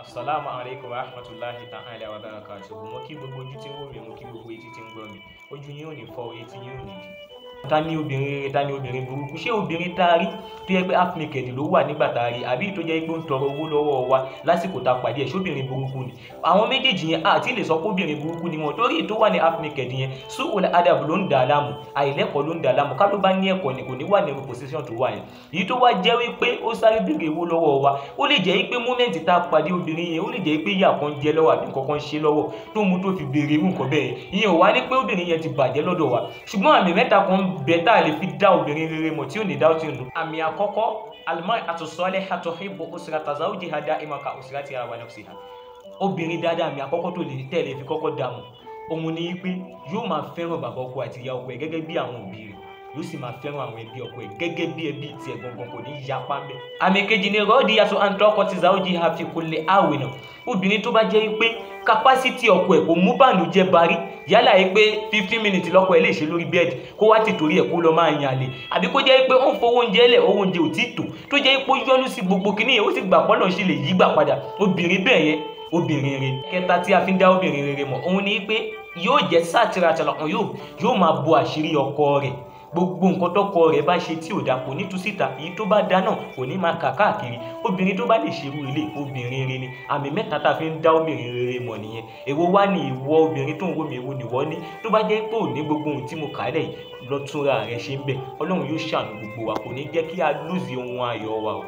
asalaamu aleykum wa rahmatulahi ta'ala wa barakatuhu mo kí gbogbo ojú tí ń wò mí mo kí gbogbo etí tí ń gbọ́ mi ojú yín ò ní fọ́ etí yín ò ní dì ta ni obìnrin rere ta ni obìnrin burúkú ṣé obìnrin tá a rí tó yẹ pé half naked ló wà nígbà tá a rí àbí tó yẹ pé ó ń tọrọ owó lọ́wọ́ wa lásìkò tá a pàdé ẹ̀ ṣóbìnrin burúkú ni àwọn méjèèjì yẹn àti lè sọ pé obìnrin burúkú ni wọn torí ètò wà ní half naked yẹn sùúrù adab ló ń dà á láàmú àìlẹ́kọ̀ọ́ ló ń dà á láàmú ká bá ní ẹ̀kọ́ ni kò ní wà ní position tó wà yẹn èyí tó wá jẹ́ wípé ó sáré béèrè owó lọ́wọ́ wa ó lè jẹ́ pé moment tá a pàdé obìnrin yẹn ó lè jẹ́ pé ìyá kan jẹ́ lọ́wọ́ àbí nǹkan kan ṣe lọ́wọ́ tó mú tó fi béèrè irú nǹkan bẹ́ẹ̀ yẹn ò wá ní pé obìnrin yẹn ti wa ṣùgbọ́n àmì mẹ́ta kan ń bẹ tá a lè fi dá obìnrin rere mọ̀ tí ò ní dá òtí nù. àmì àkọ́kọ́ alimari àtúnṣọ́lẹ̀ àtúnṣíbò òṣìṣẹ́ tàzá ó jìhà dá ìmọ̀ ká òṣìṣẹ́ ti ara wà lọ́sì ha. obìnrin dáadáa àmì àkọ́kọ́ tó lè tẹ̀lé fi kọ́kọ́ dà mọ̀ òun ni pé yóò máa fẹ́ràn bàbá ọkọ àti ìyá ọkọ ẹ̀ gẹ́gẹ́ bí àwọn òbí rẹ̀ ló sì máa fẹ́ràn àwọn ẹbí ọkọ ẹ̀ gẹ́gẹ́ bí ẹbí tiẹ̀ gbọ̀ngàn kò ní yapa ń bẹ̀. àmì kejì ni rọ́ọ̀dì yasọ àǹtọ́kọ ti zàójì àfikún lè àwẹ̀ náà obìnrin tó bá jẹ́ pé kapásítì ọkọ ẹ̀ kò mú bànújẹ́ barí yálà yìí pé fifteen minutes lọ́kọ ẹ̀ lè ṣe lórí bẹ́ẹ̀dì kó wá ti torí ẹ̀ kó lọ máa yàn àlè àbí kó jẹ́ pé ó ń fowó oúnjẹ lẹ̀ owó oúnjẹ ò tí tò tó jẹ́ pé ó yọnu sí gbogbo kinní yẹn ó sì gbà pọ́nlọ́ sí lè yí gbà padà obìnrin bẹ́ẹ̀ yẹn obìnrin rere kẹta tí a fi ń dá obìnrin rere mọ̀ òun ni pé yóò jẹ́ sátìrà àtàlọ́kùn yóò máa bo àṣírí ọkọ rẹ̀ gbogbo nǹkan tọkọ rẹ̀ bá ṣe tí ò dáa kò ní tú síta èyí tó bá da náà kò ní máa kà káàkiri obìnrin tó bá lè ṣerú ilé obìnrin rere ni àmì mẹ́ta tá a fi ń dá obìnrin rere mọ̀ nìyẹn èwo wá ní ìwọ obìnrin tó ń wò mí èwo nìwọ ní tó bá jẹ́ pé ò ní gbogbo ohun tí mo kà á lẹ̀ lọ́túnra rẹ̀ ṣe ń bẹ̀ ọlọ́run yóò ṣàánú gbogbo wa kò ní jẹ́ kí a lùzì ohun ayọ̀ wa o.